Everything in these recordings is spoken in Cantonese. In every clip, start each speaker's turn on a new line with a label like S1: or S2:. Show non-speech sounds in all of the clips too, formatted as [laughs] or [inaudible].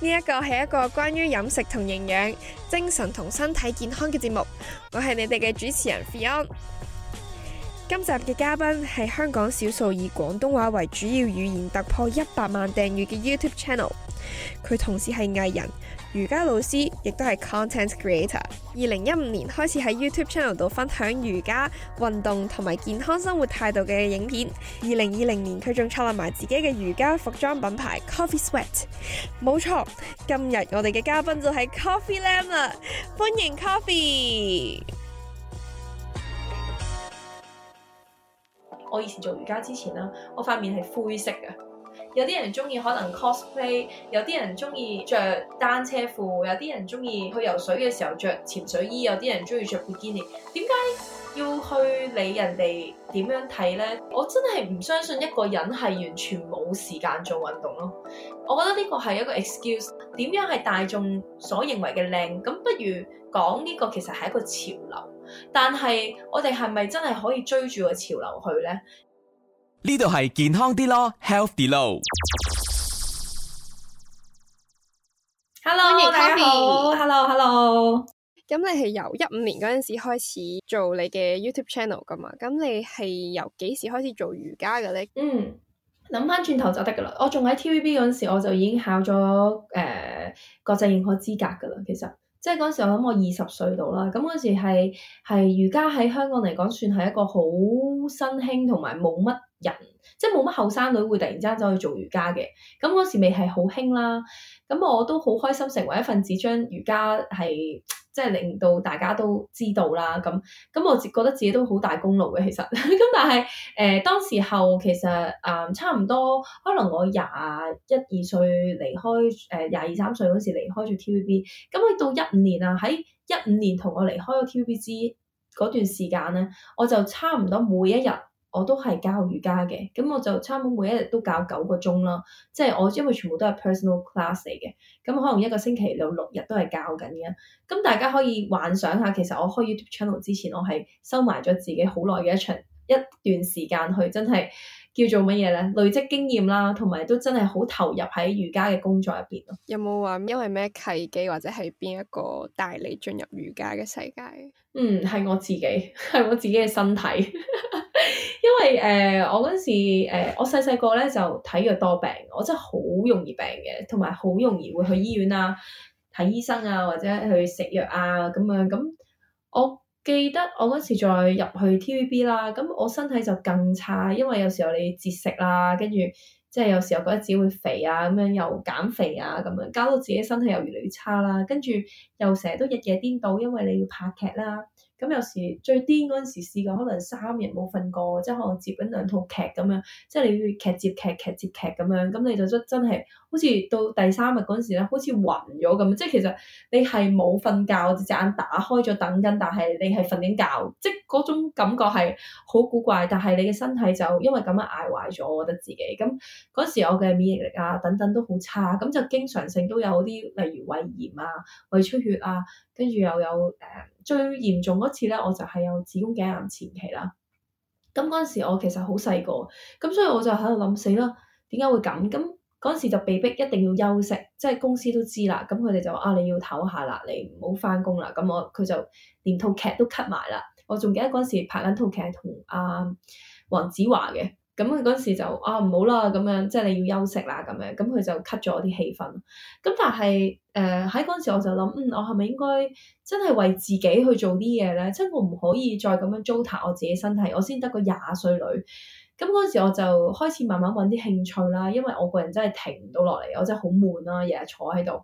S1: 呢一個係一個關於飲食同營養、精神同身體健康嘅節目。我係你哋嘅主持人 Fion。今集嘅嘉賓係香港少數以廣東話為主要語言突破一百萬訂閱嘅 YouTube Channel。佢同時係藝人。瑜伽老師亦都係 content creator。二零一五年開始喺 YouTube channel 度分享瑜伽運動同埋健康生活態度嘅影片。二零二零年佢仲創立埋自己嘅瑜伽服裝品牌 Coffee Sweat。冇錯，今日我哋嘅嘉賓就係 Coffee Lam 啦，歡迎 Coffee。我以前做瑜伽之前，我
S2: 塊面係灰色嘅。有啲人中意可能 cosplay，有啲人中意着單車褲，有啲人中意去游水嘅時候着潛水衣，有啲人中意着比基尼。點解要去理人哋點樣睇呢？我真係唔相信一個人係完全冇時間做運動咯。我覺得呢個係一個 excuse。點樣係大眾所認為嘅靚？咁不如講呢個其實係一個潮流。但係我哋係咪真係可以追住個潮流去呢？呢度係健康啲咯，health 啲路。
S1: Hello，大家好。Hello，Hello。咁你係由一五年嗰陣時開始做你嘅 YouTube channel 噶嘛？咁你係由幾時
S2: 開始做瑜伽嘅咧？嗯，諗翻轉頭就得噶啦。我仲喺 TVB 嗰陣時，我就已經考咗誒、呃、國際認可資格噶啦。其實即係嗰陣時我我，我諗我二十歲到啦。咁嗰時係係瑜伽喺香港嚟講，算係一個好新興同埋冇乜。人即係冇乜後生女會突然之間走去做瑜伽嘅，咁嗰時未係好興啦。咁我都好開心成為一份子，將瑜伽係即係令到大家都知道啦。咁咁我自覺得自己都好大功勞嘅，其實。咁但係誒、呃，當時候其實誒、嗯、差唔多，可能我廿一二歲離開誒廿二三歲嗰時離開咗 TVB。咁去到一五年啊，喺一五年同我離開咗 TVB 嗰段時間咧，我就差唔多每一日，我都係教瑜伽嘅，咁我就差唔多每一日都教九個鐘啦。即係我因為全部都係 personal class 嚟嘅，咁可能一個星期有六日都係教緊嘅。咁大家可以幻想下，其實我開 YouTube channel 之前，我係收埋咗自己好耐嘅一場一段時間去，去真係叫做乜嘢咧？累積經驗啦，同埋都真係好投入喺瑜伽嘅工作入邊咯。
S1: 有冇話因為咩契機或者係邊一個帶你進入瑜伽嘅
S2: 世界？嗯，係我自己，係我自己嘅身體。 [laughs] [laughs] 因為誒、呃，我嗰時誒、呃，我細細個咧就體弱多病，我真係好容易病嘅，同埋好容易會去醫院啊，睇醫生啊，或者去食藥啊咁樣。咁我記得我嗰時再入去 TVB 啦，咁我身體就更差，因為有時候你節食啦，跟住即係有時候覺得自己會肥啊，咁樣又減肥啊，咁樣，搞到自己身體又越嚟越差啦。跟住又成日都日夜顛倒，因為你要拍劇啦。咁有時最癲嗰陣時試過可能三日冇瞓過，即係可能接緊兩套劇咁樣，即係你會劇接劇劇接劇咁樣，咁你就真真係好似到第三日嗰陣時咧，好似暈咗咁，即係其實你係冇瞓覺，隻眼打開咗等緊，但係你係瞓緊覺，即係嗰種感覺係好古怪，但係你嘅身體就因為咁樣捱壞咗，我覺得自己咁嗰時我嘅免疫力啊等等都好差，咁就經常性都有啲例如胃炎啊、胃出血啊。跟住又有誒，最嚴重嗰次咧，我就係有子宮頸癌前期啦。咁嗰陣時我其實好細個，咁所以我就喺度諗死啦，點解會咁？咁嗰陣時就被逼一定要休息，即係公司都知啦，咁佢哋就話啊你要唞下啦，你唔好翻工啦。咁我佢就連套劇都 cut 埋啦。我仲記得嗰陣時拍緊套劇同阿黃子華嘅。咁佢嗰時就啊，唔好啦，咁樣即係你要休息啦，咁樣，咁佢就 cut 咗我啲氣氛。咁但係誒喺嗰時我就諗，嗯，我係咪應該真係為自己去做啲嘢咧？即係我唔可以再咁樣糟蹋我自己身體，我先得個廿歲女。咁嗰時我就開始慢慢揾啲興趣啦，因為我個人真係停唔到落嚟，我真係好悶啦，日日坐喺度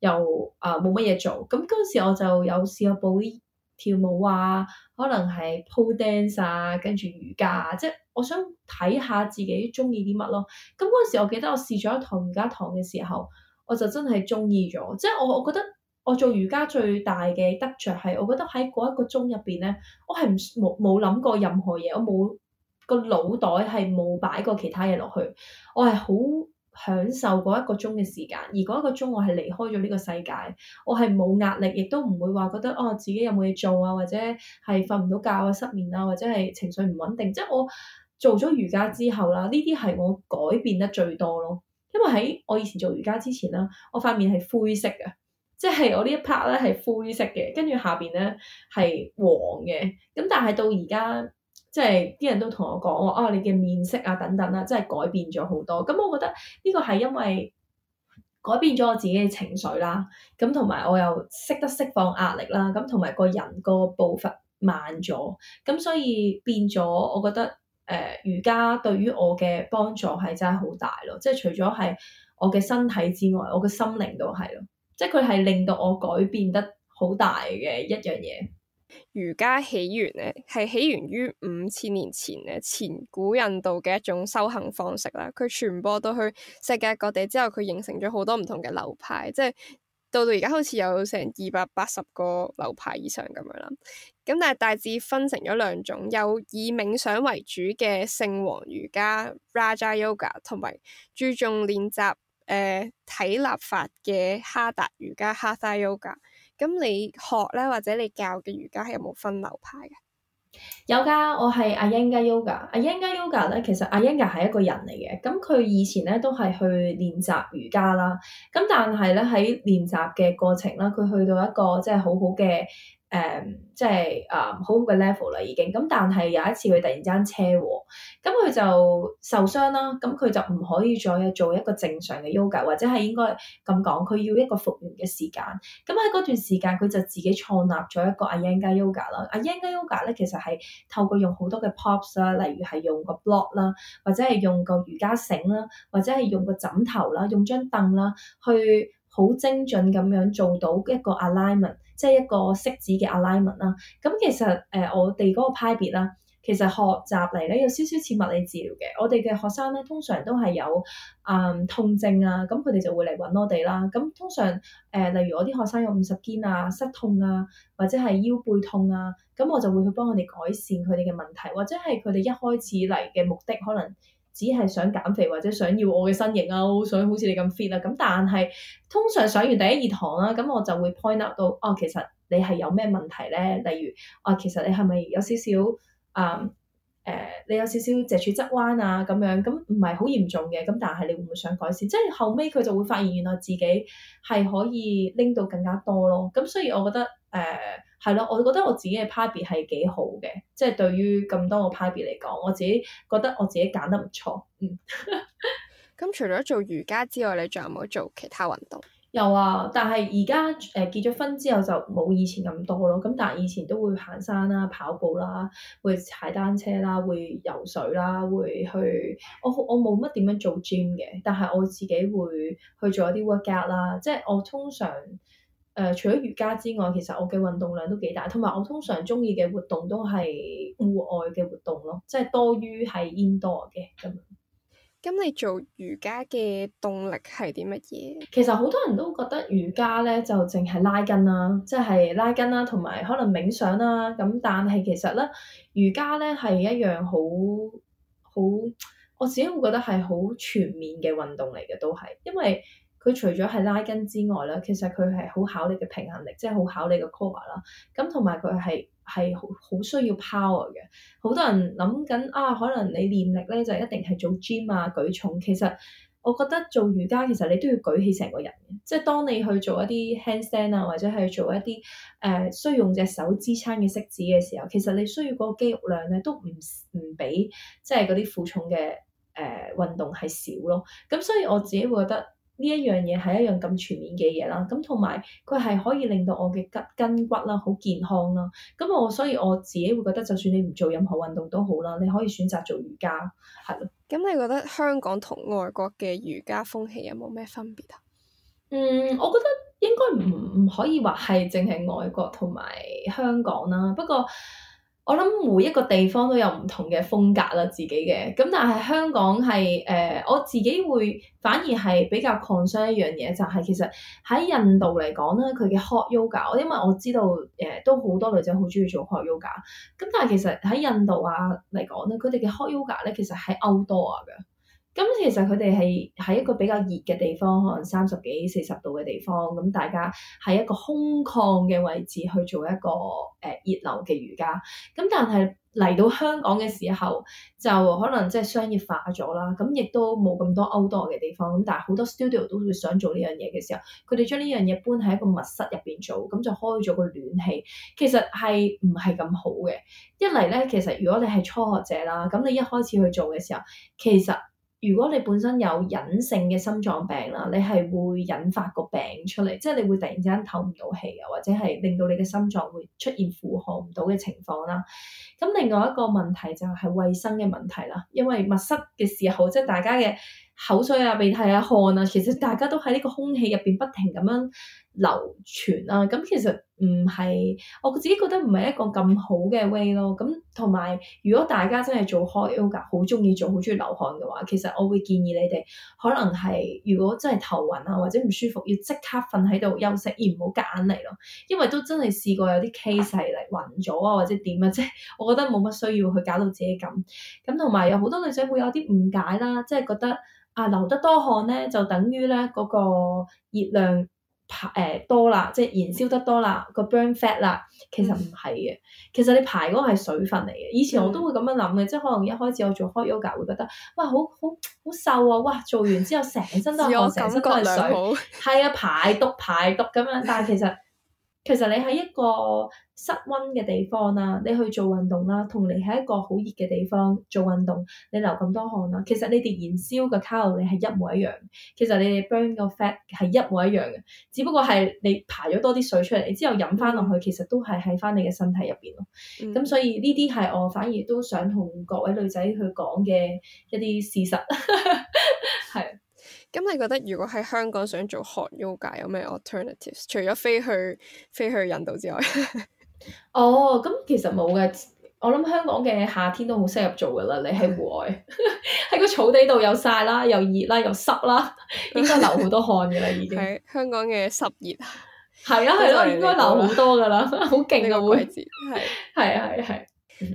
S2: 又啊，冇乜嘢做。咁嗰時我就有試過報啲跳舞啊，可能係 po dance 啊，跟住瑜伽，即係。我想睇下自己中意啲乜咯。咁嗰陣時，我記得我試咗一堂瑜伽堂嘅時候，我就真係中意咗。即係我，我覺得我做瑜伽最大嘅得着係，我覺得喺嗰一個鐘入邊咧，我係唔冇冇諗過任何嘢，我冇個腦袋係冇擺過其他嘢落去。我係好享受嗰一個鐘嘅時，時間，而嗰一個鐘我係離開咗呢個世界，我係冇壓力，亦都唔會話覺得哦自己有冇嘢做啊，或者係瞓唔到覺啊、失眠啊，或者係情緒唔穩定。即係我。做咗瑜伽之後啦，呢啲係我改變得最多咯。因為喺我以前做瑜伽之前啦，我塊面係灰色嘅，即係我呢一 part 咧係灰色嘅，跟住下邊咧係黃嘅。咁但係到而家，即係啲人都同我講話，啊你嘅面色啊等等啦，即係改變咗好多。咁我覺得呢個係因為改變咗我自己嘅情緒啦，咁同埋我又識得釋放壓力啦，咁同埋個人個步伐慢咗，咁所以變咗，我覺得。誒、呃、瑜伽對於我嘅幫助係真係好大咯，即係除咗係我嘅身體之外，我嘅心靈都係咯，即係佢係令到我改變得好大嘅一樣嘢。
S1: 瑜伽起源咧，係起源於五千年前嘅前古印度嘅一種修行方式啦。佢傳播到去世界各地之後，佢形成咗好多唔同嘅流派，即係。.到到而家好似有成二百八十個流派以上咁樣啦，咁但係大致分成咗兩種，有以冥想為主嘅聖王瑜伽 （Raja Yoga） 同埋注重練習誒體立法嘅哈達瑜伽哈 a Yoga）。咁你學咧或者你教嘅瑜伽係有冇分流派嘅？
S2: 有噶，我係阿英加瑜伽。阿英加瑜伽咧，其實阿英加係一個人嚟嘅，咁佢以前咧都係去練習瑜伽啦。咁但係咧喺練習嘅過程啦，佢去到一個即係好好嘅。誒，um, 即係啊，好好嘅 level 啦，已經咁，但係有一次佢突然之間車禍，咁佢就受傷啦，咁佢就唔可以再去做一個正常嘅 yoga，或者係應該咁講，佢要一個復原嘅時間。咁喺嗰段時間，佢就自己創立咗一個 Iyengar yoga 啦。Iyengar yoga 咧，其實係透過用好多嘅 props 啦，例如係用個 block 啦，或者係用個瑜伽繩啦，或者係用個枕頭啦，用張凳啦，去。好精準咁樣做到一個 alignment，即係一個識字嘅 alignment 啦。咁其實誒、呃，我哋嗰個派別啦，其實學習嚟咧有少少似物理治療嘅。我哋嘅學生咧通常都係有啊、嗯、痛症啊，咁佢哋就會嚟揾我哋啦。咁通常誒、呃，例如我啲學生有五十肩啊、膝痛啊，或者係腰背痛啊，咁我就會去幫佢哋改善佢哋嘅問題，或者係佢哋一開始嚟嘅目的可能。只係想減肥或者想要我嘅身形啊，我好想好似你咁 fit 啊，咁但係通常上完第一二堂啦，咁我就會 point out 到，哦，其實你係有咩問題咧？例如，哦，其實你係咪有少少啊？誒、嗯呃，你有少少脊柱側彎啊咁樣，咁唔係好嚴重嘅，咁但係你會唔會想改善？即係後尾佢就會發現原來自己係可以拎到更加多咯，咁所以我覺得誒。呃係咯，我覺得我自己嘅 body 係幾好嘅，即係對於咁多個 body 嚟講，我自己覺得我自己揀得唔錯。嗯。
S1: 咁、 [laughs] 嗯、除咗做瑜伽之外，你仲有冇做其他
S2: 運動？有啊，但係而家誒結咗婚之後就冇以前咁多咯。咁但係以前都會行山啦、啊、跑步啦、啊、會踩單車啦、啊、會游水啦、啊、會去。我我冇乜點樣做 gym 嘅，但係我自己會去做一啲 workout 啦，即係我通常。誒、呃，除咗瑜伽之外，其實我嘅運動量都幾大，同埋我通常中意嘅活動都係戶外嘅活動咯，即係多於係 indoor 嘅咁。
S1: 咁、嗯、你做瑜伽嘅動力係啲乜嘢？
S2: 其實好多人都覺得瑜伽咧就淨係拉筋啦，即係拉筋啦，同埋可能冥想啦咁，但係其實咧瑜伽咧係一樣好好，我自己會覺得係好全面嘅運動嚟嘅都係，因為。佢除咗係拉筋之外咧，其實佢係好考你嘅平衡力，即係好考你嘅 core 啦、啊。咁同埋佢係係好好需要 power 嘅。好多人諗緊啊，可能你練力咧就一定係做 gym 啊舉重。其實我覺得做瑜伽其實你都要舉起成個人嘅，即係當你去做一啲 handstand 啊，或者係做一啲誒、呃、需要用隻手支撐嘅式子嘅時候，其實你需要嗰個肌肉量咧都唔唔比即係嗰啲負重嘅誒運動係少咯。咁所以我自己會覺得。呢一樣嘢係一樣咁全面嘅嘢啦，咁同埋佢係可以令到我嘅筋骨啦好健康啦。咁我所以我自己會覺得，就算你唔做任何運動都好啦，你可以選擇做瑜伽係
S1: 咯。咁你覺得香港同外國嘅瑜伽風氣有冇咩分別啊？嗯，
S2: 我覺得應該唔唔可以話係淨係外國同埋香港啦，不過，.我諗每一個地方都有唔同嘅風格啦，自己嘅，咁但係香港係誒、呃，我自己會反而係比較抗傷一樣嘢，就係、是、其實喺印度嚟講咧，佢嘅 hot yoga，因為我知道誒、呃、都好多女仔好鍾意做 hot yoga。咁但係其實喺印度啊嚟講咧，佢哋嘅 hot yoga 咧其實係 outdoor 㗎。咁其實佢哋係喺一個比較熱嘅地方，可能三十幾、四十度嘅地方，咁大家喺一個空曠嘅位置去做一個誒、呃、熱流嘅瑜伽。咁但係嚟到香港嘅時候，就可能即係商業化咗啦。咁亦都冇咁多歐多嘅地方。咁但係好多 studio 都會想做呢樣嘢嘅時候，佢哋將呢樣嘢搬喺一個密室入邊做，咁就開咗個暖氣，其實係唔係咁好嘅？一嚟咧，其實如果你係初學者啦，咁你一開始去做嘅時候，其實～如果你本身有隱性嘅心臟病啦，你係會引發個病出嚟，即係你會突然之間透唔到氣啊，或者係令到你嘅心臟會出現負荷唔到嘅情況啦。咁另外一個問題就係衞生嘅問題啦，因為密室嘅時候，即係大家嘅口水啊、鼻涕啊、汗啊，其實大家都喺呢個空氣入邊不停咁樣流傳啊，咁其實。唔係，我自己覺得唔係一個咁好嘅 way 咯。咁同埋，如果大家真係做 hot yoga，好中意做，好中意流汗嘅話，其實我會建議你哋，可能係如果真係頭暈啊或者唔舒服，要即刻瞓喺度休息，而唔好隔硬嚟咯。因為都真係試過有啲 case 嚟暈咗啊，或者點啊啫。我覺得冇乜需要去搞到自己咁。咁同埋有好多女仔會有啲誤解啦，即係覺得啊流得多汗咧就等於咧嗰個熱量，排誒、呃、多啦，即係燃燒得多啦，個 burn fat 啦，其實唔係嘅，嗯、其實你排嗰個係水分嚟嘅。以前我都會咁樣諗嘅，嗯、即係可能一開始我做開 yoga 會覺得，哇好好好瘦啊，哇做完之後成身都係汗，成身都係水，係啊好排毒排毒咁樣，但係其實。 [laughs] 其實你喺一個室溫嘅地方啦，你去做運動啦，同你喺一個好熱嘅地方做運動，你流咁多汗啦，其實你哋燃燒嘅卡路里係一模一樣，其實你哋 burn 個 fat 係一模一樣嘅，只不過係你排咗多啲水出嚟，之後飲翻落去，其實都係喺翻你嘅身體入邊咯。咁、嗯、所以呢啲係我反而都想同各位女仔去講嘅一啲事實。 [laughs] 咁你覺得如果喺香港想做
S1: hot yoga 有咩 alternatives？除咗飛去飛去印度之外，
S2: 哦，咁其實冇嘅。我諗香港嘅夏天都好適合做噶啦。你喺戶外喺個草地度又曬啦，又熱啦，又濕啦，應該流好多汗噶啦。已經係
S1: 香港嘅濕熱，
S2: 係啊係咯，應該流好多噶啦，好勁啊會，係
S1: 係係係。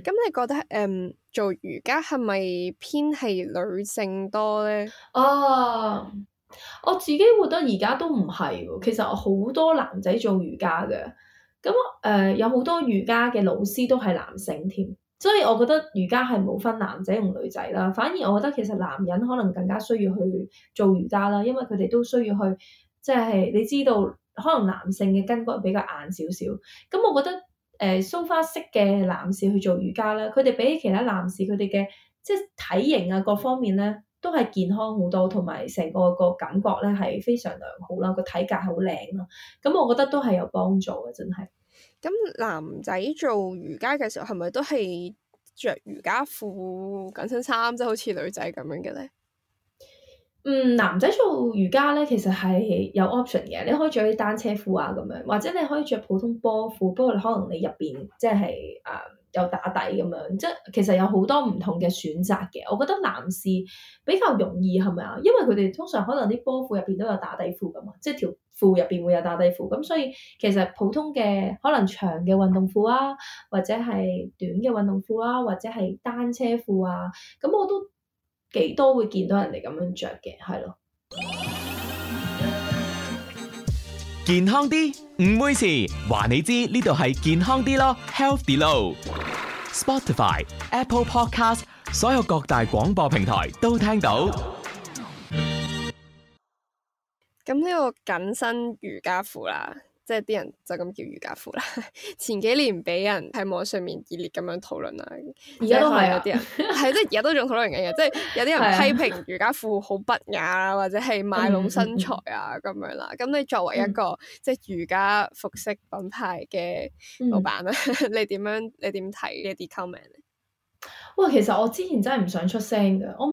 S1: 咁你覺得誒？做瑜伽係咪偏
S2: 係女性多咧？啊！Oh, 我自己覺得而家都唔係喎，其實好多男仔做瑜伽嘅，咁誒有好多瑜伽嘅老師都係男性添，所以我覺得瑜伽係冇分男仔同女仔啦。反而我覺得其實男人可能更加需要去做瑜伽啦，因為佢哋都需要去，即係你知道，可能男性嘅筋骨比較硬少少，咁我覺得。誒蘇、呃、花式嘅男士去做瑜伽咧，佢哋比起其他男士，佢哋嘅即係體型啊各方面咧，都係健康好多，同埋成個個感覺咧係非常良好啦，個體格好靚啦，咁我覺得都係有幫助嘅，真係。咁男仔
S1: 做瑜伽嘅時候，係咪都係着瑜伽褲、緊身衫，即係好
S2: 似女仔咁樣嘅咧？嗯，男仔做瑜伽咧，其實係有 option 嘅。你可以着啲單車褲啊咁樣，或者你可以着普通波褲。不過可能你入邊即係誒、呃、有打底咁樣，即係其實有好多唔同嘅選擇嘅。我覺得男士比較容易係咪啊？因為佢哋通常可能啲波褲入邊都有打底褲咁嘛，即係條褲入邊會有打底褲。咁所以其實普通嘅可能長嘅運動褲啊，或者係短嘅運動褲啊，或者係單車褲啊，咁我都。幾多會見到人哋咁樣着嘅，係咯？ [noise] 健康啲唔會事，話你知呢度係健康啲咯。Healthy 咯 Spotify Apple Podcast，所有各大廣播平台都聽到。
S1: 咁呢個緊身瑜伽褲啦。即係啲人就咁叫瑜伽褲啦。 [laughs] 前幾年俾人喺網上面熱烈咁樣討論啦，而家都係有啲人，係即係而家都仲討論緊嘅，即係有啲人批評瑜伽褲好不雅或者係賣弄身材啊咁樣啦。咁、嗯嗯嗯、你作為一個、嗯、即係瑜伽服飾品牌嘅老闆咧、嗯， [laughs] 你點樣你點睇呢啲 comment 咧？
S2: 哇！其實我之前真係唔想出聲噶，我。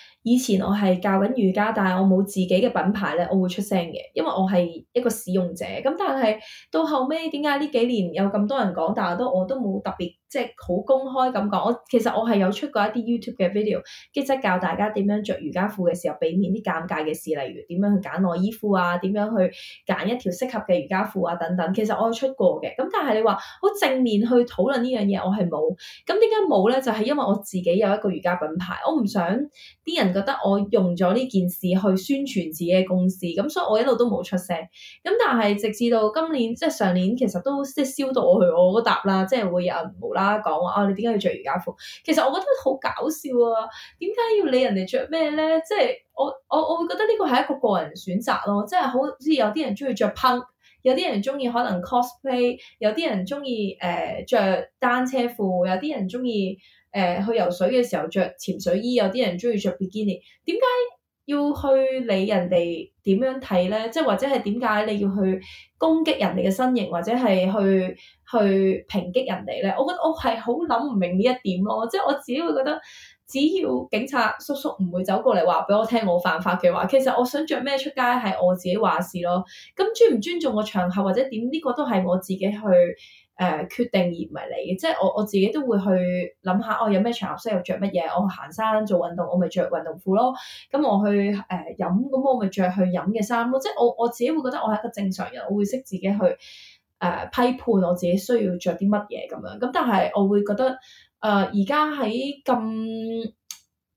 S2: 以前我係教緊瑜伽，但係我冇自己嘅品牌，我會出聲嘅，因為我係一個使用者。咁但係到後尾，點解呢幾年有咁多人講，但係我都冇特別。即係好公開咁講，我其實我係有出過一啲 YouTube 嘅 video，跟住教大家點樣着瑜伽褲嘅時候避免啲尷尬嘅事，例如點樣去揀內衣褲啊，點樣去揀一條適合嘅瑜伽褲啊等等。其實我係出過嘅，咁但係你話好正面去討論呢樣嘢，我係冇。咁點解冇咧？就係因為我自己有一個瑜伽品牌，我唔想啲人覺得我用咗呢件事去宣傳自己嘅公司，咁所以我一路都冇出聲。咁但係直至到今年，即係上年其實都即係燒到我去我嗰搭啦，即係會有人無啦。講話啊！你點解要着瑜伽褲？其實我覺得好搞笑啊！點解要理人哋着咩咧？即係我我我會覺得呢個係一個個人選擇咯。即係好似有啲人中意着 punk，有啲人中意可能 cosplay，有啲人中意誒著單車褲，有啲人中意誒去游水嘅時候着潛水衣，有啲人中意著比基尼。點解？要去理人哋點樣睇咧，即係或者係點解你要去攻擊人哋嘅身形，或者係去去抨擊人哋咧？我覺得我係好諗唔明呢一點咯，即係我自己會覺得，只要警察叔叔唔會走過嚟話俾我聽我犯法嘅話，其實我想着咩出街係我自己話事咯。咁尊唔尊重個場合或者點呢、呢個都係我自己去誒、呃、決定而唔係你嘅，即係我我自己都會去諗下，哦，有咩場合需要着乜嘢？我行山做運動，我咪着運動褲咯。咁、嗯、我去誒、呃、飲，咁、嗯、我咪着去飲嘅衫咯。即係我我自己會覺得我係一個正常人，我會識自己去誒、呃、批判我自己需要着啲乜嘢咁樣。咁、嗯、但係我會覺得，誒而家喺咁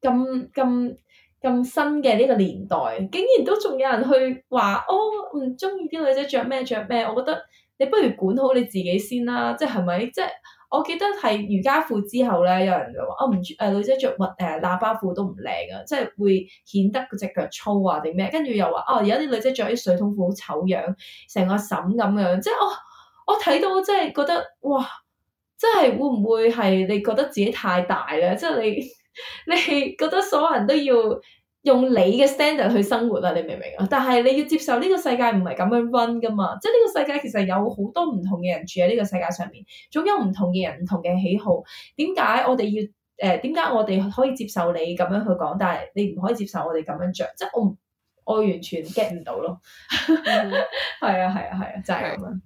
S2: 咁咁咁新嘅呢個年代，竟然都仲有人去話，哦，唔中意啲女仔着咩着咩，我覺得。你不如管好你自己先啦，即係咪？即係我記得係瑜伽褲之後咧，有人就話啊，唔著女仔着乜，誒喇叭褲都唔靚啊，即係會顯得嗰隻腳粗啊定咩？跟住又話哦，而家啲女仔着啲水桶褲好醜樣，成個嬸咁樣，即係我我睇到即係覺得哇，即係會唔會係你覺得自己太大啦？即係你你覺得所有人都要？用你嘅 standard 去生活啦、啊，你明唔明啊？但係你要接受呢個世界唔係咁樣 run 㗎嘛，即係呢個世界其實有好多唔同嘅人住喺呢個世界上面，總有唔同嘅人、唔同嘅喜好。點解我哋要誒？點、呃、解我哋可以接受你咁樣去講，但係你唔可以接受我哋咁樣着，即係我我完全 get 唔到咯。係、 [laughs] 嗯、 [laughs] 啊係啊係啊，就係咁樣。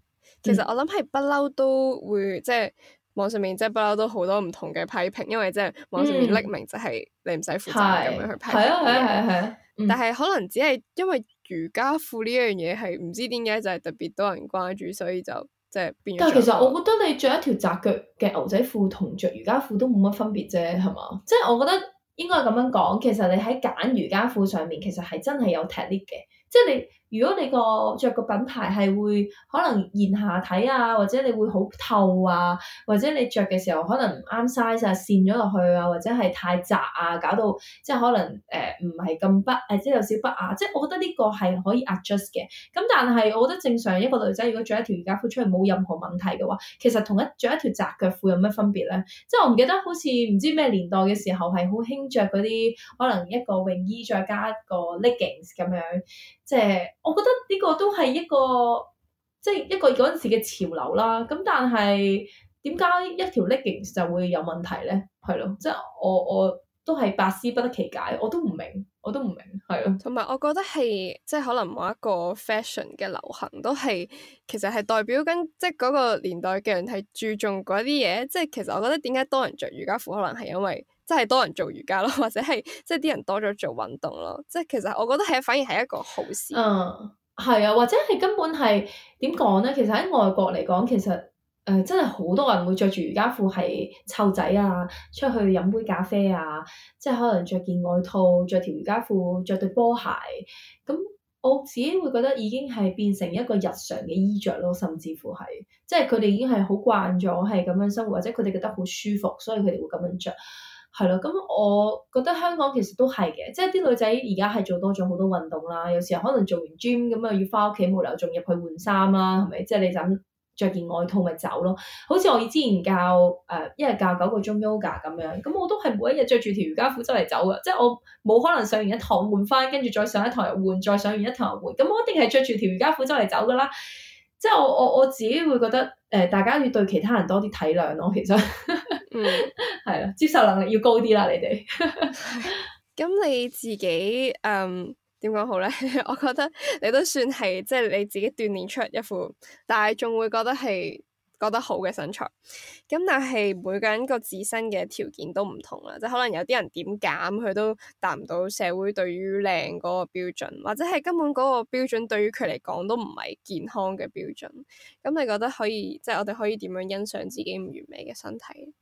S1: 其實我諗係不嬲都會即係。就是網上面即係不嬲都好多唔同嘅批評，因為即係網上面匿名，就係你唔使負責咁樣去批評。係啊係係係。但係可能只係因為瑜伽褲呢樣嘢係唔知點解就係特別多人關注，所以就即係變咗。但係其實
S2: 我覺得你着一條窄腳嘅牛仔褲同着瑜伽褲都冇乜分別啫，係嘛？即係我覺得應該咁樣講，其實你喺揀瑜伽褲上面，其實係真係有技術嘅，即係你。如果你個着個品牌係會可能現下睇啊，或者你會好透啊，或者你着嘅時候可能唔啱 size 啊，線咗落去啊，或者係太窄啊，搞到即係可能誒唔係咁不誒即係有少少不雅，即係我覺得呢個係可以 adjust 嘅。咁但係我覺得正常一個女仔如果着一條瑜伽褲出嚟冇任何問題嘅話，其實同一着一條窄腳褲有咩分別咧？即係我唔記得好似唔知咩年代嘅時候係好興着嗰啲可能一個泳衣再加一個 leggings 咁樣。即係，我覺得呢個都係一個，即係一個嗰陣時嘅潮流啦。咁但係點解一條 leggings 就會有問題咧？係咯，即係我我都係百思不得其解，我都唔
S1: 明，我都唔明，係咯。同埋我覺得係，即係可能某一個 fashion 嘅流行都係，其實係代表緊，即係嗰個年代嘅人係注重嗰啲嘢。即係其實我覺得點解多人着瑜伽褲，可能係因為。真係多人做瑜伽咯，或者係即係啲人多咗做運動咯，即係其實我覺得係反而係一個好事。嗯，
S2: 係啊，或者係根本係點講咧？其實喺外國嚟講，其實誒、呃、真係好多人會着住瑜伽褲係湊仔啊，出去飲杯咖啡啊，即係可能着件外套、着條瑜伽褲、着對波鞋。咁我自己會覺得已經係變成一個日常嘅衣着咯，甚至乎係即係佢哋已經係好慣咗係咁樣生活，或者佢哋覺得好舒服，所以佢哋會咁樣着。係咯，咁我覺得香港其實都係嘅，即係啲女仔而家係做多咗好多運動啦。有時候可能做完 gym 咁啊，要翻屋企，冇理由仲入去換衫啦，係咪？即係你就着件外套咪走咯。好似我之前教誒、呃、一日教九個鐘 yoga 咁樣，咁我都係每一日着住條瑜伽褲周嚟走㗎，即係我冇可能上完一堂換翻，跟住再上一堂又換，再上完一堂又換，咁我一定係着住條瑜伽褲周嚟走㗎啦。即係我我我自己會覺得，誒、呃，大家要對其他人多啲體諒咯、啊。其實，係 [laughs] 啦、嗯， [laughs] 接受能力要高啲啦，你哋。
S1: 咁、 [laughs] 嗯、你自己，嗯，點講好咧？ [laughs] 我覺得你都算係，即、就、係、是、你自己鍛煉出一副，但係仲會覺得係。覺得好嘅身材，咁但係每個人個自身嘅條件都唔同啦，即係可能有啲人點減佢都達唔到社會對於靚嗰個標準，或者係根本嗰個標準對於佢嚟講都唔係健康嘅標準。咁你覺得可以即係我哋可以點樣欣賞自己唔完美嘅身體？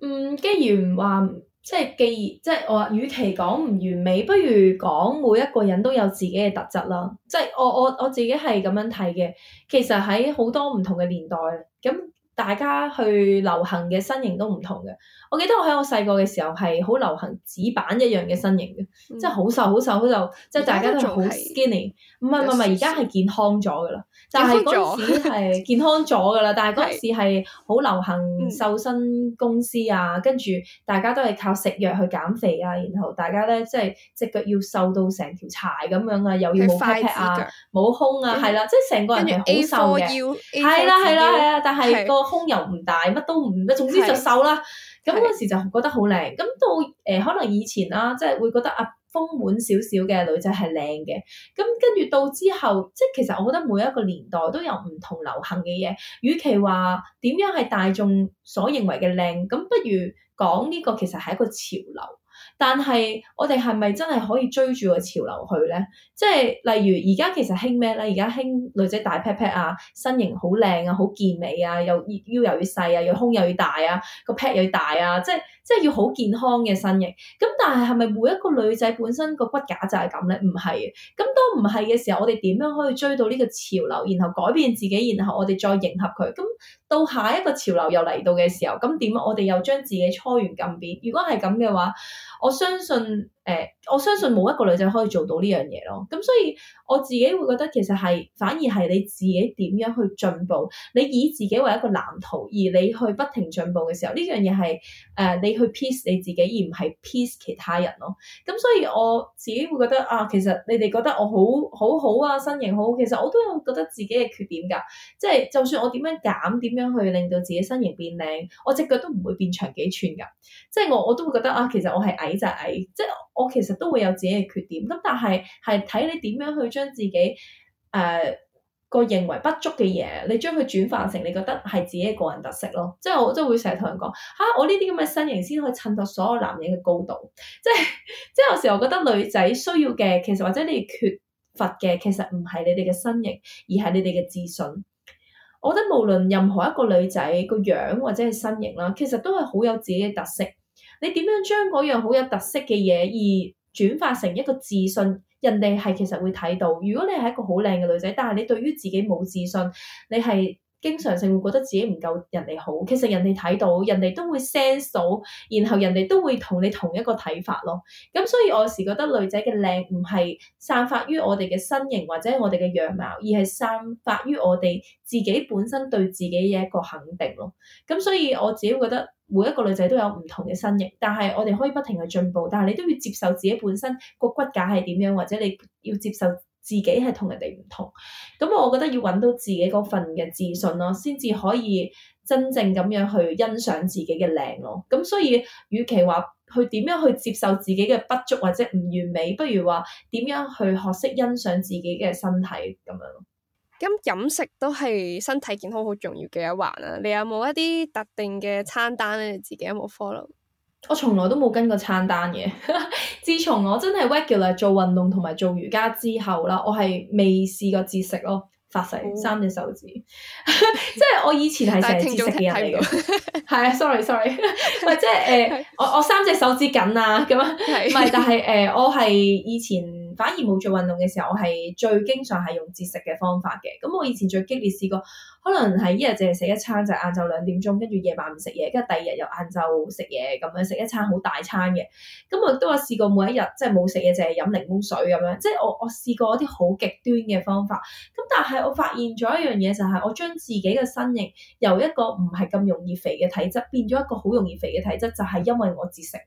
S2: 嗯，既然話。即係既然，即係我話，與其講唔完美，不如講每一個人都有自己嘅特質啦。即係我我我自己係咁樣睇嘅。其實喺好多唔同嘅年代，咁。大家去流行嘅身形都唔同嘅，我記得我喺我細個嘅時候係好流行紙板一樣嘅身形嘅，即係好瘦好瘦好瘦，即係大家都係好 skinny。唔係唔係唔係，而家係健康咗噶啦，但係嗰陣時係健康咗噶啦，但係嗰陣時係好流行瘦身公司啊，跟住大家都係靠食藥去減肥啊，然後大家咧即係隻腳要瘦到成條柴咁樣啊，又要冇 pat pat 啊，冇胸啊，係啦，即係成個人係好瘦嘅，係啦係啦係啦，但係胸又唔大，乜都唔，總之就瘦啦。咁嗰的時就覺得好靚。咁的到誒、呃、可能以前啦，即係會覺得啊豐滿少少嘅女仔係靚嘅。咁跟住到之後，即係其實我覺得每一個年代都有唔同流行嘅嘢。與其話點樣係大眾所認為嘅靚，咁不如講呢個其實係一個潮流。但係，我哋係咪真係可以追住個潮流去咧？即係例如而家其實興咩咧？而家興女仔大 pat pat 啊，身形好靚啊，好健美啊，又腰又要細啊，又胸又要大啊，個 pat 又要大啊，即係。即係要好健康嘅身形，咁但係係咪每一個女仔本身個骨架就係咁咧？唔係，咁都唔係嘅時候，我哋點樣可以追到呢個潮流，然後改變自己，然後我哋再迎合佢？咁到下一個潮流又嚟到嘅時候，咁點啊？我哋又將自己初完咁變？如果係咁嘅話，我相信。誒、呃，我相信冇一個女仔可以做到呢樣嘢咯。咁所以我自己會覺得其實係反而係你自己點樣去進步，你以自己為一個藍圖而你去不停進步嘅時候，呢樣嘢係誒你去 piece 你自己而唔係 piece 其他人咯。咁所以我自己會覺得啊，其實你哋覺得我好好好啊，身形好，其實我都有覺得自己嘅缺點㗎。即係就算我點樣減，點樣去令到自己身形變靚，我隻腳都唔會變長幾寸㗎。即係我我都會覺得啊，其實我係矮就係矮，即係。我其實都會有自己嘅缺點，咁但係係睇你點樣去將自己誒、呃、個認為不足嘅嘢，你將佢轉化成你覺得係自己嘅個人特色咯。即係我即係會成日同人講吓、啊，我呢啲咁嘅身形先可以襯托所有男人嘅高度。即係即係有時候我覺得女仔需要嘅，其實或者你缺乏嘅，其實唔係你哋嘅身形，而係你哋嘅自信。我覺得無論任何一個女仔個樣或者係身形啦，其實都係好有自己嘅特色。你點樣將嗰樣好有特色嘅嘢而轉化成一個自信？人哋係其實會睇到。如果你係一個好靚嘅女仔，但係你對於自己冇自信，你係，經常性會覺得自己唔夠人哋好，其實人哋睇到，人哋都會 sense 到，然後人哋都會同你同一個睇法咯。咁所以我有時覺得女仔嘅靚唔係散發於我哋嘅身形或者我哋嘅樣貌，而係散發於我哋自己本身對自己嘅一個肯定咯。咁所以我自己覺得每一個女仔都有唔同嘅身形，但係我哋可以不停去進步，但係你都要接受自己本身個骨架係點樣，或者你要接受。自己係同人哋唔同，咁我覺得要揾到自己嗰份嘅自信咯，先至可以真正咁樣去欣賞自己嘅靚咯。咁所以，與其話去點樣去接受自己嘅不足或者唔完美，不如話點樣去學識欣賞自己嘅身體咁樣咯。咁
S1: 飲食都係身體健康好重要嘅一環啊！你有冇一啲特定嘅餐單
S2: 咧？你自己有冇 follow？我從來都冇跟過餐單嘅， [laughs] 自從我真係 regular 做運動同埋做瑜伽之後，我係未試過節食咯，發誓三隻手指， [laughs] 即係我以前係成日節食嘅人嚟嘅，係啊 [laughs] ，sorry sorry，唔係 [laughs] 即係、呃、 [laughs] 我我三隻手指緊啊咁啊，唔係， [laughs] 但係、呃、我係以前。反而冇做運動嘅時候，我係最經常係用節食嘅方法嘅。咁我以前最激烈試過，可能係一日淨係食一餐，就係晏晝兩點鐘，跟住夜晚唔食嘢，跟住第二日又晏晝食嘢咁樣食一餐好大餐嘅。咁我都話試過每一日即係冇食嘢，淨係飲檸檬水咁樣。即係我我試過一啲好極端嘅方法。咁但係我發現咗一樣嘢就係、是、我將自己嘅身形由一個唔係咁容易肥嘅體質變咗一個好容易肥嘅體質，就係、是、因為我節食。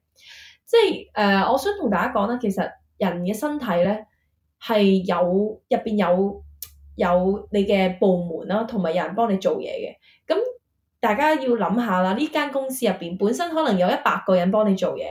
S2: 即係誒、呃，我想同大家講啦，其實。人嘅身體咧係有入邊有有、啊、有有你嘅部門啦，同埋有人幫你做嘢嘅。咁大家要諗下啦，呢間公司入邊本身可能有一百個人幫你做嘢，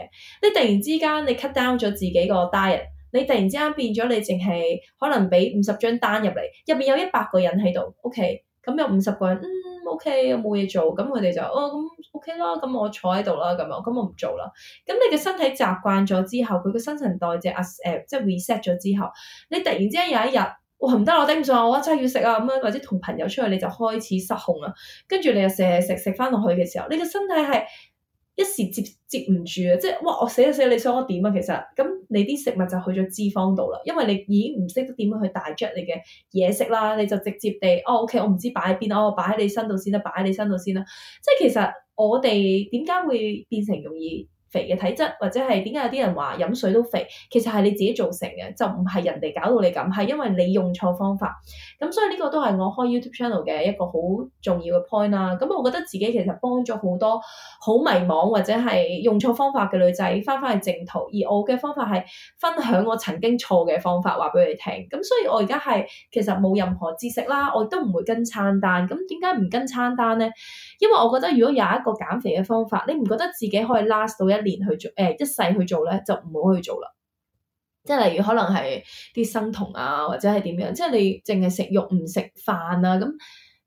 S2: 你突然之間你 cut down 咗自己個 diet，你突然之間變咗你淨係可能俾五十張單入嚟，入邊有一百個人喺度，OK，咁有五十個人嗯。OK，我冇嘢做，咁佢哋就哦咁 OK 啦，咁、嗯 OK 嗯、我坐喺度啦，咁啊，咁我唔做啦。咁你嘅身體習慣咗之後，佢嘅新陳代謝啊誒，即係 reset 咗之後，你突然之間有一日，哇，唔得，我頂唔順啊，我真係要食啊咁樣，或者同朋友出去你就開始失控啦，跟住你又成日食食翻落去嘅時候，你嘅身體係。一時接接唔住啊！即係哇，我死啦死啦，你想我點啊？其實咁你啲食物就去咗脂肪度啦，因為你已經唔識得點樣去大嚼你嘅嘢食啦，你就直接地哦 OK，我唔知擺喺邊、哦、啊，我擺喺你身度先啦，擺喺你身度先啦。即係其實我哋點解會變成容易肥嘅體質，或者係點解有啲人話飲水都肥，其實係你自己造成嘅，就唔係人哋搞到你咁，係因為你用錯方法。咁所以呢個都係我開 YouTube channel 嘅一個好重要嘅 point 啦。咁我覺得自己其實幫咗好多好迷茫或者係用錯方法嘅女仔翻返去正途，而我嘅方法係分享我曾經錯嘅方法話俾佢哋聽。咁所以我而家係其實冇任何知識啦，我都唔會跟餐單。咁點解唔跟餐單呢？因為我覺得，如果有一個減肥嘅方法，你唔覺得自己可以 last 到一年去做，誒、呃、一世去做咧，就唔好去做啦。即係例如可能係啲生酮啊，或者係點樣，即係你淨係食肉唔食飯呀。咁、啊嗯、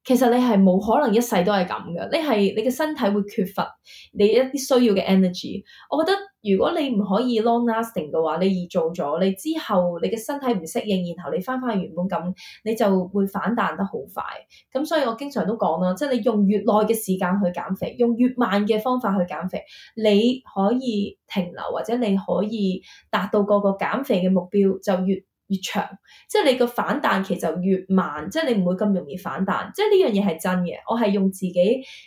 S2: 其實你係冇可能一世都係咁嘅，你係你嘅身體會缺乏你一啲需要嘅 energy。我覺得。如果你唔可以 long lasting 嘅話，你易做咗，你之後你嘅身體唔適應，然後你翻返去原本咁，你就會反彈得好快。咁所以我經常都講啦，即係你用越耐嘅時間去減肥，用越慢嘅方法去減肥，你可以停留或者你可以達到個個減肥嘅目標，就越越長，即係你個反彈期就越慢，即係你唔會咁容易反彈，即係呢樣嘢係真嘅。我係用自己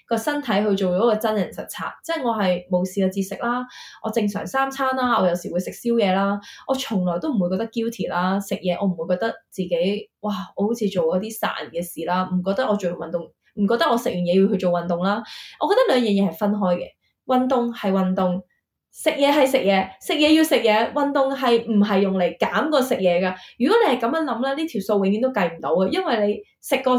S2: 個身體去做咗個真人實測，即係我係冇試過節食啦，我正常三餐啦，我有時會食宵夜啦，我從來都唔會覺得 guilty 啦，食嘢我唔會覺得自己哇，我好似做嗰啲散嘅事啦，唔覺得我做運動，唔覺得我食完嘢要去做運動啦，我覺得兩樣嘢係分開嘅，運動係運動。食嘢係食嘢，食嘢要食嘢。運動係唔係用嚟減過食嘢㗎？如果你係咁樣諗咧，呢條數永遠都計唔到嘅，因為你食個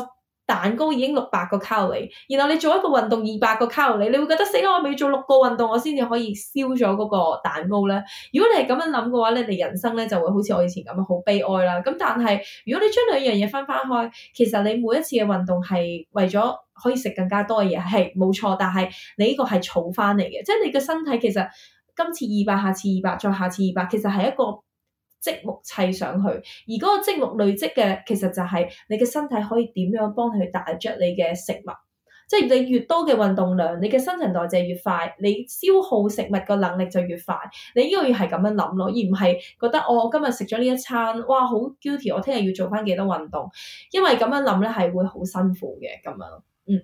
S2: 蛋糕已經六百個卡路里，然後你做一個運動二百個卡路里，你會覺得死啦！我未做六個運動，我先至可以燒咗嗰個蛋糕咧。如果你係咁樣諗嘅話咧，你人生咧就會好似我以前咁啊，好悲哀啦。咁但係如果你將兩樣嘢分翻開，其實你每一次嘅運動係為咗可以食更加多嘅嘢，係冇錯。但係你呢個係儲翻嚟嘅，即係你嘅身體其實。今次二百，下次二百，再下次二百，其實係一個積木砌上去，而嗰個積木累積嘅其實就係你嘅身體可以點樣幫佢大着你嘅食物，即係你越多嘅運動量，你嘅新陳代謝越快，你消耗食物嘅能力就越快。你呢個要係咁樣諗咯，而唔係覺得、哦、我今日食咗呢一餐，哇好 guilty 我聽日要做翻幾多運動，因為咁樣諗咧係會好辛苦嘅。咁樣，嗯，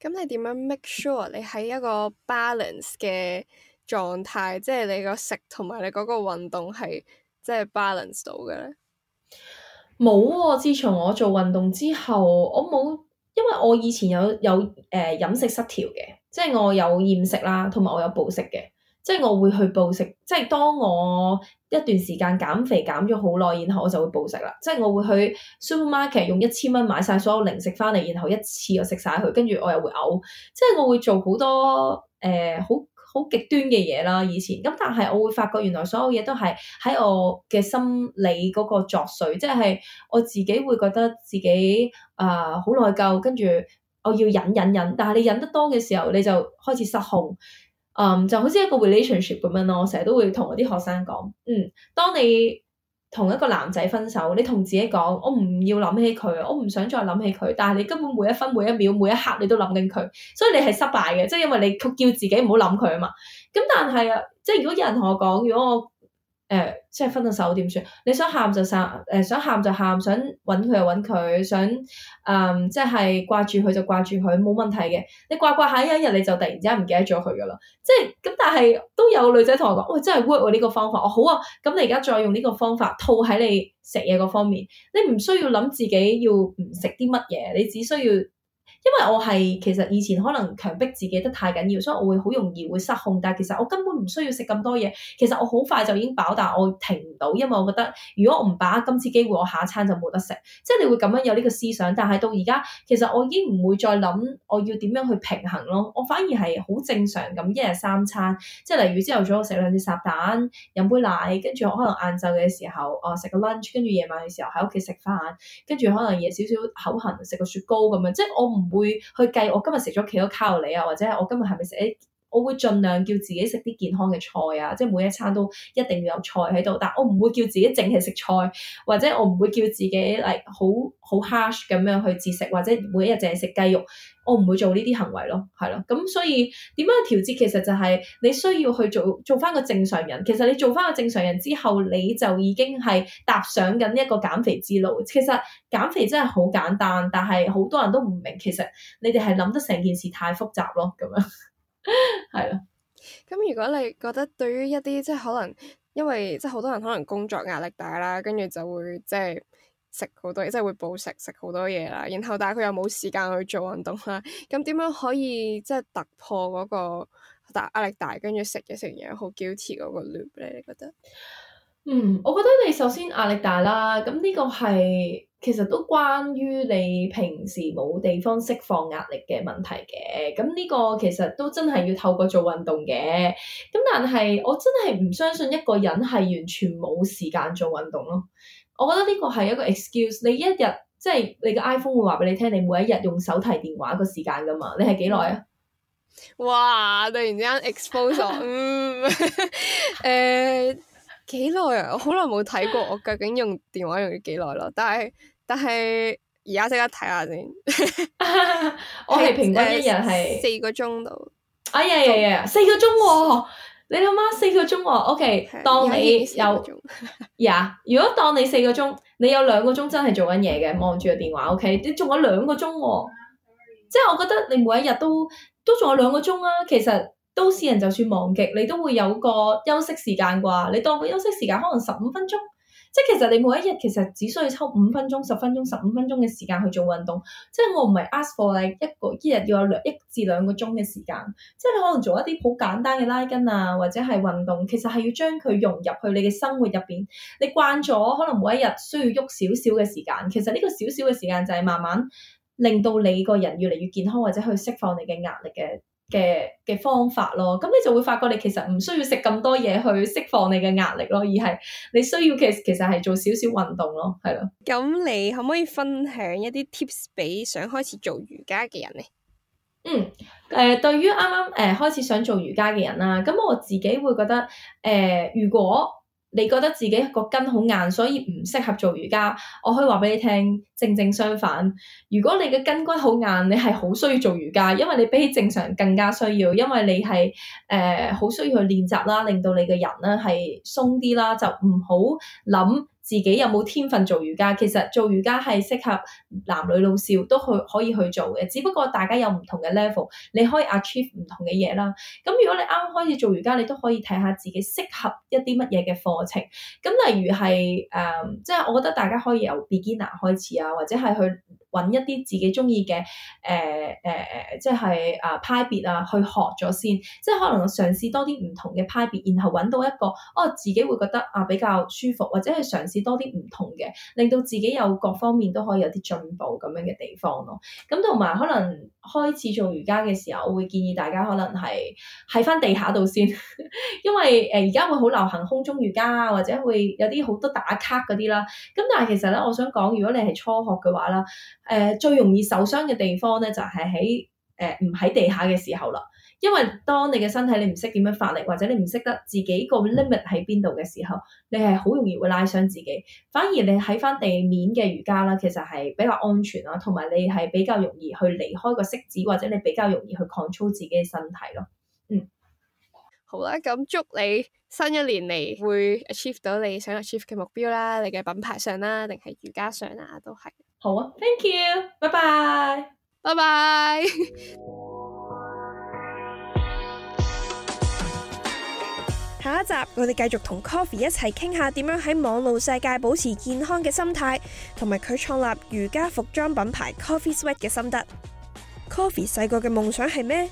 S1: 咁你點樣 make sure 你喺一個 balance 嘅？狀態，即係你個食同埋你嗰個運動係即係 balance 到嘅咧？
S2: 冇喎、啊，自從我做運動之後，我冇，因為我以前有有誒飲食失調嘅，即係我有厭食啦，同埋我有暴食嘅，即係我會去暴食。即係當我一段時間減肥減咗好耐，然後我就會暴食啦。即係我會去 supermarket 用一千蚊買晒所有零食翻嚟，然後一次又食晒佢，跟住我又會嘔。即係我會做好多誒好。呃好極端嘅嘢啦，以前咁，但係我會發覺原來所有嘢都係喺我嘅心理嗰個作祟，即係我自己會覺得自己啊，呃，好內疚，跟住我要忍忍忍，但係你忍得多嘅時候你就開始失控，嗯，就好似一個 relationship 咁樣咯。我成日都會同我啲學生講，嗯，當你同一個男仔分手，你同自己講：我唔要諗起佢，我唔想再諗起佢。但係你根本每一分、每一秒、每一刻，你都諗緊佢，所以你係失敗嘅，即係因為你叫自己唔好諗佢啊嘛。咁但係啊，即係如果有人同我講，如果我，誒、呃，即係分咗手點算？你想喊就喊，誒想喊就喊，想揾佢就揾佢，想啊、呃、即係掛住佢就掛住佢，冇問題嘅。你掛掛下有一日你就突然之間唔記得咗佢噶啦，即係咁。但係都有女仔同我講，喂，真係 work 呢、呢個方法，我、哦、好啊。咁你而家再用呢個方法套喺你食嘢嗰方面，你唔需要諗自己要唔食啲乜嘢，你只需要。，因為我係其實以前可能強迫自己得太緊要，所以我會好容易會失控。但係其實我根本唔需要食咁多嘢，其實我好快就已經飽，但我停唔到，因為我覺得如果我唔把握今次機會，我下一餐就冇得食。即係你會咁樣有呢個思想，但係到而家其實我已經唔會再諗我要點樣去平衡咯。我反而係好正常咁一日三餐，即係例如朝頭早我食兩隻烚蛋，飲杯奶，跟住我可能晏晝嘅時候啊食個 lunch，跟住夜晚嘅時候喺屋企食飯，跟住可能夜少少口痕食個雪糕咁樣。即係我唔。會去計我今日食咗幾多卡路里啊，或者係我今日係咪食？我會盡量叫自己食啲健康嘅菜啊，即係每一餐都一定要有菜喺度，但我唔會叫自己淨係食菜，或者我唔會叫自己嚟好好 harsh 咁樣去節食，或者每一日淨係食雞肉，我唔會做呢啲行為咯，係咯。咁所以點樣調節其實就係你需要去做做翻個正常人，其實你做翻個正常人之後你就已經係踏上緊呢一個減肥之路。其實減肥真係好簡單，但係好多人都唔明，其實你哋係諗得成件事太複雜咯，咁樣。
S1: 係啦，咁 [laughs] 的如果你覺得對於一啲即係可能因為即係好多人可能工作壓力大啦，跟住就會即係食好多嘢，即係會暴食食好多嘢啦。然後但係佢又冇時間去做運動啦，咁點樣可以即係突破嗰個但壓力大，跟住食嘢食嘢好 guilty 嗰個 loop 咧？你覺得？嗯，
S2: 我覺得你首先壓力大啦，咁呢個係。其實都關於你平時冇地方釋放壓力嘅問題嘅，咁呢個其實都真係要透過做運動嘅。咁但係我真係唔相信一個人係完全冇時間做運動咯。我覺得呢個係一個 excuse。你一日即係你嘅 iPhone 會話俾你聽，你每一日用手提電話個時間㗎嘛？你係幾耐啊？哇！
S1: 突然之間 exposure，誒幾耐啊？我好耐冇睇過，我究竟用電話用咗幾耐咯？但係。但係而家即刻睇下先，看看
S2: [laughs] [laughs] 我係平均一日係四個鐘度。哎呀呀呀，中四個鐘喎、哦！你諗下四個鐘喎、哦，OK 對。當你有呀， [laughs] yeah，如果當你四個鐘，你有兩個鐘真係做緊嘢嘅，望住個電話 OK。你仲有兩個鐘喎、哦，即係我覺得你每一日都都仲有兩個鐘啊。其實都市人就算忙極，你都會有個休息時間啩。你當個休息時間可能十五分鐘。即係其實你每一日其實只需要抽五分鐘、十分鐘、十五分鐘嘅時間去做運動。即係我唔係 ask for 你一個一日要有兩一至兩個鐘嘅時間。即係你可能做一啲好簡單嘅拉筋啊，或者係運動，其實係要將佢融入去你嘅生活入邊。你慣咗可能每一日需要喐少少嘅時間，其實呢個少少嘅時間就係慢慢令到你個人越嚟越健康，或者去釋放你嘅壓力嘅嘅嘅方法咯，咁你就會發覺你其實唔需要食咁多嘢去釋放你嘅壓力咯，而係你需要其實其實係做少少運動咯，係咯。
S1: 咁你可唔可以分享一啲 tips 俾想開始做瑜伽嘅人咧？
S2: 嗯，誒、呃、對於啱啱誒開始想做瑜伽嘅人啦、啊，咁我自己會覺得誒、呃，如果你覺得自己個筋好硬，所以唔適合做瑜伽。我可以話俾你聽，正正相反。如果你嘅筋骨好硬，你係好需要做瑜伽，因為你比起正常更加需要，因為你係呃好需要去練習啦，令到你嘅人咧係鬆啲啦，就唔好諗。自己有冇天分做瑜伽？其實做瑜伽係適合男女老少都去可以去做嘅，只不過大家有唔同嘅 level，你可以 achieve 唔同嘅嘢啦。咁如果你啱啱開始做瑜伽，你都可以睇下自己適合一啲乜嘢嘅課程。咁例如係誒，即、呃、係、就是、我覺得大家可以由 beginner 開始啊，或者係去，揾一啲自己中意嘅，誒誒誒，即係啊、呃、派別啊，去學咗先，即係可能嘗試多啲唔同嘅派別，然後揾到一個，哦，自己會覺得啊比較舒服，或者係嘗試多啲唔同嘅，令到自己有各方面都可以有啲進步咁樣嘅地方咯。咁同埋可能開始做瑜伽嘅時候，我會建議大家可能係喺翻地下度先，因為誒而家會好流行空中瑜伽啊，或者會有啲好多打卡嗰啲啦。咁但係其實咧，我想講如果你係初學嘅話啦。誒、呃、最容易受傷嘅地方呢，就係喺誒唔喺地下嘅時候啦。因為當你嘅身體你唔識點樣發力，或者你唔識得自己個 limit 喺邊度嘅時候，你係好容易會拉傷自己。反而你喺翻地面嘅瑜伽啦，其實係比較安全啦，同埋你係比較容易去離開個式子，或者你比較容易去 control 自己嘅身體咯。嗯，
S1: 好啦，咁祝你，新一年嚟會 achieve 到你想 achieve 嘅目標啦，你嘅品牌上啦，定係瑜伽上都好啊，都係。
S2: 好啊，thank you，拜拜，拜拜。
S1: 下一集我哋繼續同 Coffee 一齊傾下點樣喺網絡世界保持健康嘅心態，同埋佢創立瑜伽服裝品牌 Coffee Sweat 嘅心得。Coffee 細個嘅夢想係咩？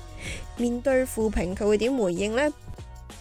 S1: 面對負評佢會點回應呢？